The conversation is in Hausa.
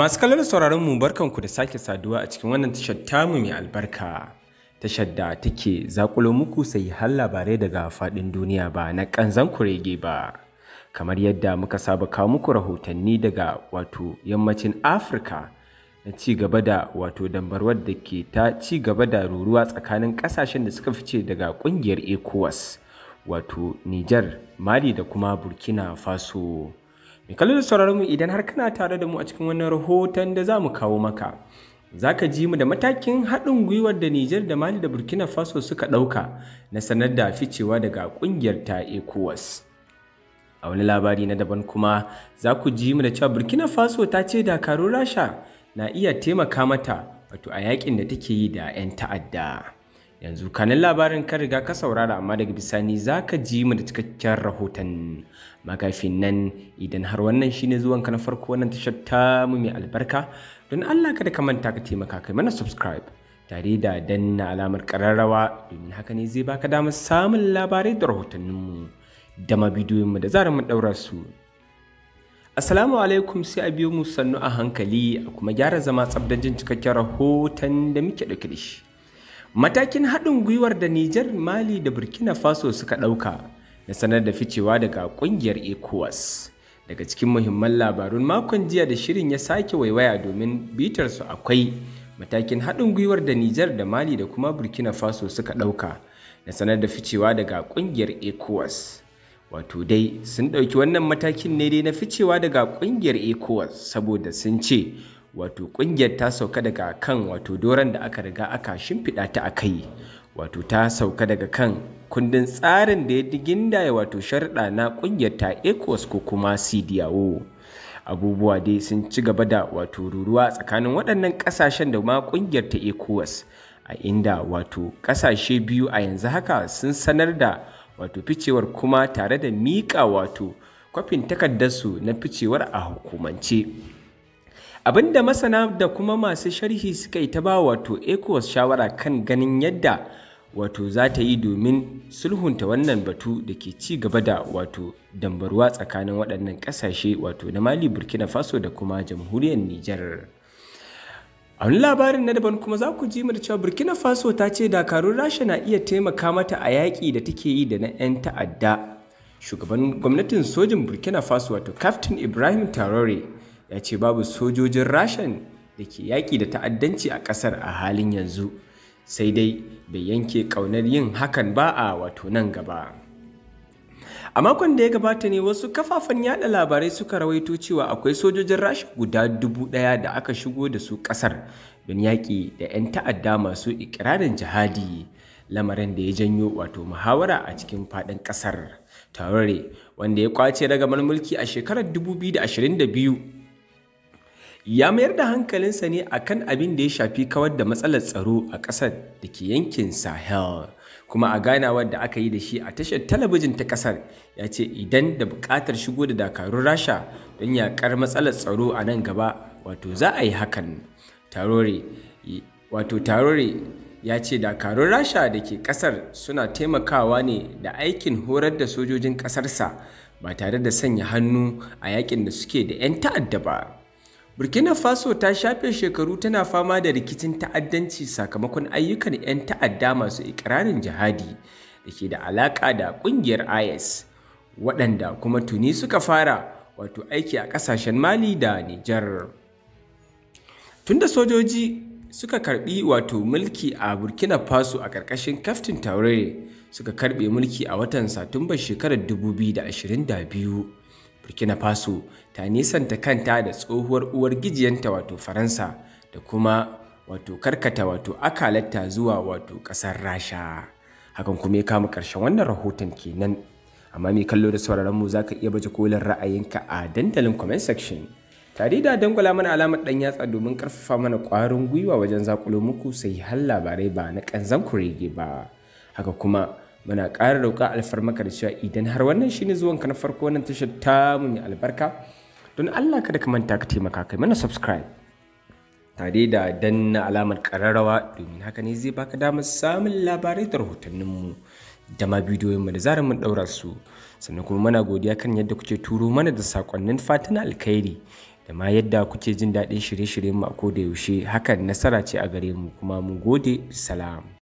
Masu kallon sauraron mu ku da sake saduwa a cikin wannan tashar tamu mai albarka. Tashar da take zakulo muku sai har labarai daga faɗin duniya ba na ƙanzan kurege ba. Kamar yadda muka saba kawo muku rahotanni daga wato yammacin Afirka na ci gaba da wato dambarwar da ke ta ci gaba da ruruwa tsakanin ƙasashen da suka fice daga ƙungiyar ECOWAS wato Niger, Mali da kuma Burkina Faso. mai kallon sauraron mu idan har kana tare da mu a cikin wannan rahoton da za mu kawo maka zaka ji mu da matakin haɗin gwiwar da Nijar da Mali da Burkina Faso suka ɗauka na sanar da ficewa daga ƙungiyar ta ECOWAS. A wani labari na daban kuma za ku ji mu da cewa Burkina Faso ta ce dakarun Rasha na iya taimaka mata wato a yakin da take yi da 'yan ta'adda. yanzu kanin labarin ka riga ka saurara amma daga bisani za ka ji mu da cikakken rahoton magafin nan idan har wannan shine zuwan ka na farko wannan tashar ta mu mai albarka don allah kada ka manta ka taimaka kai mana subscribe tare da danna alamar kararrawa domin haka ne zai baka damar samun labarai da rahotanninmu da ma bidiyoyinmu da zarar mu daura su Assalamu alaikum sai a biyo mu sannu a hankali a kuma gyara zama tsabdajin cikakken rahoton da muke ɗauke da shi. matakin haɗin gwiwar da Nijar Mali da Burkina Faso suka ɗauka na sanar da ficewa daga ƙungiyar ECOWAS. Daga cikin muhimman labarun makon jiya da shirin ya sake waiwaya domin bitar su akwai matakin haɗin gwiwar da Nijar da Mali da kuma Burkina Faso suka ɗauka na sanar da ficewa daga ƙungiyar ECOWAS. Wato dai sun ɗauki wannan matakin ne dai na ficewa daga ƙungiyar ECOWAS saboda sun ce wato ƙungiyar ta sauka daga kan wato doron da aka riga aka shimfiɗa ta a kai wato ta sauka daga kan kundin tsarin da ya ya wato sharɗa na ƙungiyar ta ecos ko kuma cdao abubuwa dai sun ci gaba da wato ruruwa tsakanin waɗannan ƙasashen da ma ƙungiyar ta ecos a inda wato ƙasashe biyu a yanzu haka sun sanar da wato ficewar kuma tare da miƙa wato kwafin takardarsu na ficewar a hukumance abinda masana da kuma masu sharhi suka yi ta ba wato ecowas shawara kan ganin yadda wato za ta yi domin sulhunta wannan batu da ke ci gaba da wato dambarwa tsakanin waɗannan ƙasashe wato na mali burkina faso da kuma jamhuriyar nijar a wani labarin na daban kuma za ku ji mu da cewa burkina faso ta ce dakarun rasha na iya taimaka mata a yaƙi da take yi da na 'yan ta'adda shugaban gwamnatin sojin burkina faso wato captain ibrahim tarore ya ce babu sojojin rashan da ke yaƙi da ta'addanci a ƙasar a halin yanzu sai dai bai yanke ƙaunar yin hakan ba a wato nan gaba a makon da ya gabata ne wasu kafafen yada labarai suka rawaito cewa akwai sojojin rasha guda dubu ɗaya da aka shigo da su ƙasar don yaƙi da 'yan ta'adda masu ikirarin jihadi lamarin da ya janyo wato muhawara a cikin faɗin ƙasar taurare wanda ya kwace ragamar mulki a shekarar 2022 ya mayar da hankalinsa ne akan abin da ya shafi kawar da matsalar tsaro a ƙasar da ke yankin sahel kuma a ganawar da aka yi da shi a tashar talabijin ta ƙasar ya ce idan da buƙatar shigo da dakarun rasha don yaƙar matsalar tsaro a nan gaba wato za a yi hakan tarore wato tarore ya ce dakarun rasha da ke ƙasar suna taimakawa ne da aikin horar da sojojin ƙasarsa ba tare da sanya hannu a yakin da suke da 'yan ta'adda ba burkina faso ta shafe shekaru tana fama da rikicin ta'addanci sakamakon ayyukan 'yan ta'adda masu ikirarin jihadi da ke da alaƙa da ƙungiyar is waɗanda kuma tuni suka fara wato aiki a ƙasashen mali da nijar tunda sojoji suka karbi wato mulki a burkina faso a ƙarƙashin kaftin taurari suka karbe mulki a watan satumbar shekarar 2022 burkina faso ta nisanta kanta da tsohuwar uwar gijiyanta wato faransa da kuma wato karkata wato akalata zuwa wato kasar rasha hakan kuma ya kama karshen wannan rahoton kenan amma mai kallo da sauraron mu zaka iya baje kolin ra'ayinka a dandalin comment section tare da dangwala mana alamar dan yatsa domin karfafa mana kwarin gwiwa wajen zakulo muku sai har labarai ba na kanzan kurege ba haka kuma muna ƙara roƙa alfarmaka da cewa idan har wannan shine zuwanka na farko wannan tashar ta mu yi albarka don Allah kada ka manta ka taimaka kai mana subscribe tare da danna alamar ƙararrawa domin haka ne zai baka damar samun labarai da rahotannin mu da ma mu da zarar mun ɗaura su sannan kuma muna godiya kan yadda kuke turo mana da sakonnin fatan alkhairi da ma yadda kuke jin daɗin shirye-shiryenmu shiryen a koda yaushe hakan nasara ce a gare mu kuma mu gode salam